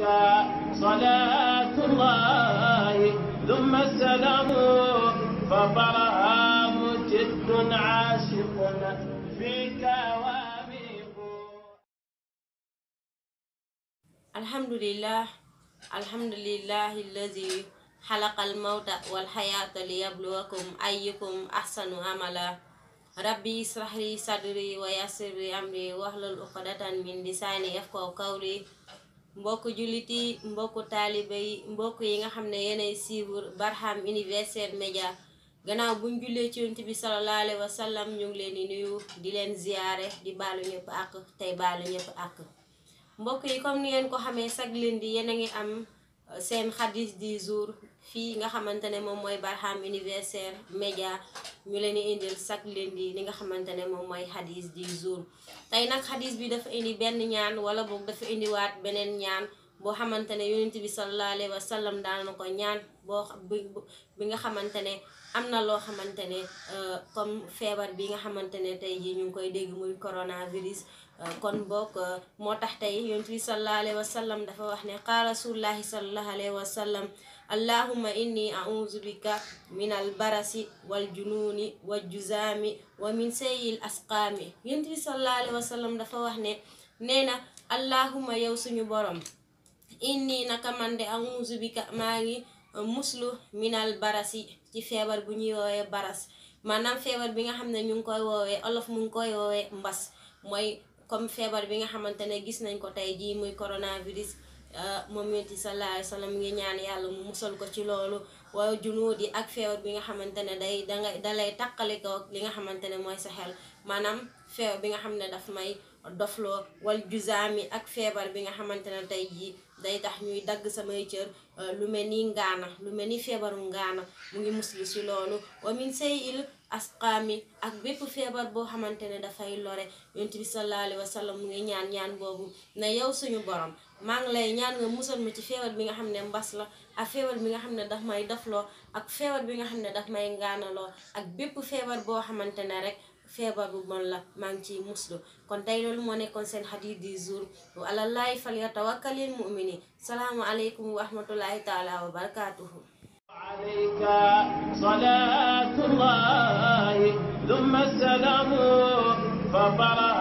عليك صلاة الله ثم السلام فطرها مجد عاشق فيك واميق الحمد لله الحمد لله الذي خلق الموت والحياة ليبلوكم أيكم أحسن عملا rabbi israh li sadri wa yassir li amri wahlul uqdatan min lisani yafqahu qawli mbokk jullit yi mbokk taalibe yi mbokk yi nga xam ne yéenay suivre Barham Universel Media gannaaw buñ jullee ci yonent bi sallallahu alayhi wa sallam ñu leen di nuyu di leen ziyaare di baalu ñëpp àq tey baalu ñëpp àq mbokk yi comme ni ngeen ko xamee chaque lundi yéen a am seen xadis di jour fii nga xamante ne moom mooy Barham Universel Média ñu leen di indil chaque lundi li nga xamante ne moom mooy xadis di jour tey nag xadis bi dafa indi benn ñaan wala boog dafa indiwaat beneen ñaan boo xamante ne yonent bi sallallahu alayhi wa sallam daan na ko ñaan boo bi nga xamante ne am na loo xamante ne euh, comme feebar bi nga xamante ne tey jii ñu ngi koy dégg muy coronavirus euh, kon boog euh, tax tey yonent bi sallallahu alayhi wa sallam dafa wax ne qaala rasulullahi sallallahu alayhi wa sallam allahumma inni a'udhu bika min al barasi wal jununi wal juzaami wa min sayil bi sallallahu sallam dafa wax ne nee na allahumma yow suñu borom inni naka man de amuzu bika maa ngi uh, muslu minal barasi ci feebar bu ñuy woowee baras maanaam feebar bi nga xam ne ñu ngi koy woowee olof mu ngi koy woowee mbas mooy comme feebar bi nga xamante ne gis nañ ko tey jii muy coronavirus uh, moom yonent sallallahu alayhi wa ngi ñaan yàlla mu musal ko ci loolu waaye junuudi ak feebar bi nga xamante ne day danga dalay takkalikoo li nga xamante ne mooy sa xel maanaam feebar bi nga xam ne daf may dofloo wal juzaami ak feebar bi nga xamante ne tey jii day tax ñuy dagg samay cër euh, lu mel ni ngaana lu mel ni feebaru ngaana mu ngi muslu si loolu wa min say il asqaami ak bépp feebar boo xamante ne dafay lore yonent bi sallallahu alayhi wa mu ngi ñaan ñaan boobu ne yow suñu borom maa ngi lay ñaan nga musal ma ci feebar bi nga xam ne mbas la ak feebar bi nga xam ne daf may dofloo ak feebar bi nga xam ne daf may ngaanaloo ak bépp feebar boo xamante ne rek feebar bu bon la maa ngi ciy muslu kon tey loolu moo nekkoon seen xadiis du jour bu alallaahi fal yatawakkalil mumini salaamu aleykum wa rahmatullahi taala wa barakaatuhu alayka salaatullahi thumma salaamu fa